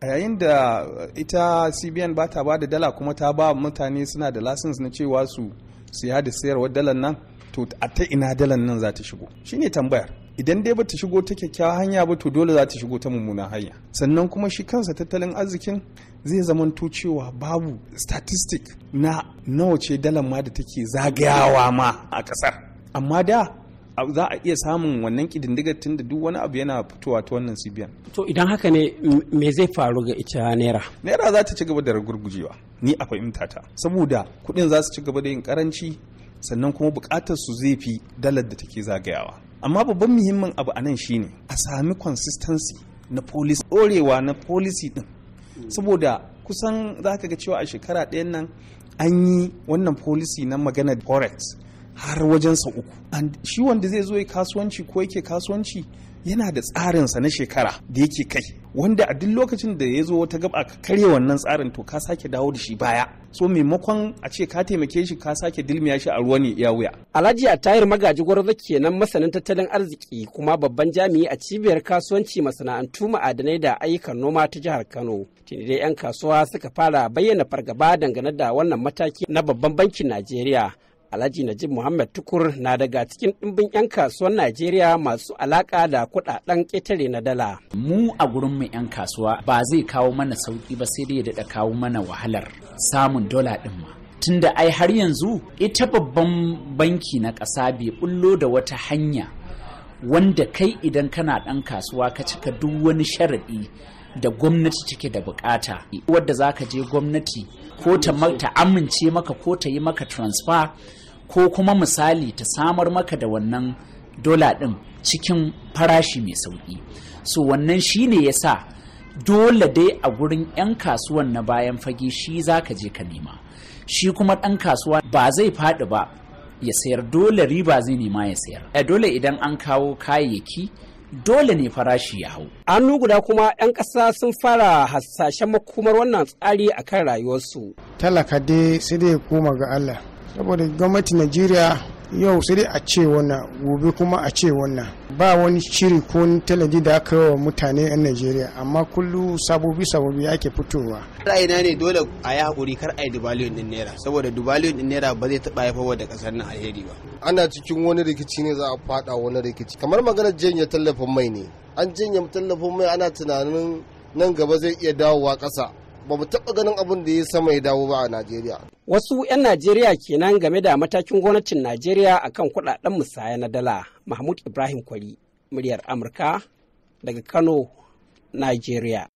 a yayin da ita cbn ba ta ba da dala kuma ta ba mutane suna da lasins na cewa su siya da sayarwar dalar nan to a ta ina dalar nan za ta shigo shine tambayar idan dai bata shigo ta kyakkyawa hanya ba to dole za ta shigo ta mummunan hanya sannan kuma shi kansa tattalin arzikin zai zamanto cewa babu statistic na nawa ce dalar ma da take zagayawa ma a kasar amma da za a iya samun wannan kididdigar tun da duk wani abu yana fitowa ta wannan cbn to idan haka ne me zai faru ga ita naira naira za ta ci gaba da ragurgujewa ni a fahimta ta saboda kuɗin za su ci gaba da yin karanci sannan kuma bukatar su zai fi dalar da take zagayawa amma babban muhimmin abu a nan shine a sami consistency na policy ɗorewa na policy din saboda kusan za ka ga cewa a shekara ɗayan nan an yi wannan policy na maganar forex har wajen sa uku shi wanda zai zo ya kasuwanci ko yake kasuwanci yana da tsarinsa na shekara da yake kai wanda a duk lokacin da ya zo wata gaba ka karya wannan tsarin to ka sake dawo da shi baya so maimakon a ce ka taimake shi ka sake dilmiya shi a ruwa ne ya wuya alhaji a tayar magaji gwarzo kenan masanin tattalin arziki kuma babban jami'i a cibiyar kasuwanci masana'antu ma'adanai da ayyukan noma ta jihar kano tuni da yan kasuwa suka fara bayyana fargaba dangane da wannan mataki na babban bankin najeriya Alhaji Najib Muhammad Tukur na daga cikin ɗimbin 'yan kasuwar Najeriya masu alaƙa da kuɗaɗen ƙetare na dala. Mu a gurin mu 'yan kasuwa ba zai kawo mana sauƙi ba sai dai ya daɗa kawo mana wahalar samun dola ɗin ma. Tunda ai har yanzu ita babban banki na ƙasa bai bullo da wata hanya wanda kai idan kana ɗan kasuwa ka cika duk wani sharaɗi da gwamnati take da bukata wadda za ka je gwamnati ko ta amince maka ko ta yi maka transfer ko kuma misali ta samar maka da wannan dola ɗin cikin farashi mai sauƙi so wannan shi ne ya sa dole dai a gurin 'yan kasuwan na bayan fage shi za ka je ka nema shi kuma ɗan kasuwa ba zai faɗi ba ya sayar dole riba zai nema ya sayar eh, dole idan an kawo kayayyaki dole ne farashi ya hau. Hannu guda kuma 'yan ƙasa sun fara hasashen makomar wannan tsari a kan rayuwarsu. Talaka dai sai dai koma ga Allah. Saboda gwamnati Najeriya yau sai dai a ce wannan gobe kuma a ce wannan ba wani shiri ko talabijin da aka wa mutane 'yan najeriya amma kullu sabobi sabobi ake fitowa ra'ayina ne dole a yi haƙuri kar a yi dubaliyon din naira saboda dubaliyon din naira ba zai taɓa haifarwa da kasar nan alheri ba ana cikin wani rikici ne za a fada wani rikici kamar maganar janye tallafin mai ne an janye tallafin mai ana tunanin nan gaba zai iya dawowa kasa ba mu taɓa ganin abin da ya sama ya dawo ba a Najeriya. Wasu 'yan Najeriya kenan game da matakin gwamnatin Najeriya a kan kuɗaɗen musaya na dala Mahmud Ibrahim Kwari, muryar Amurka daga Kano, Najeriya.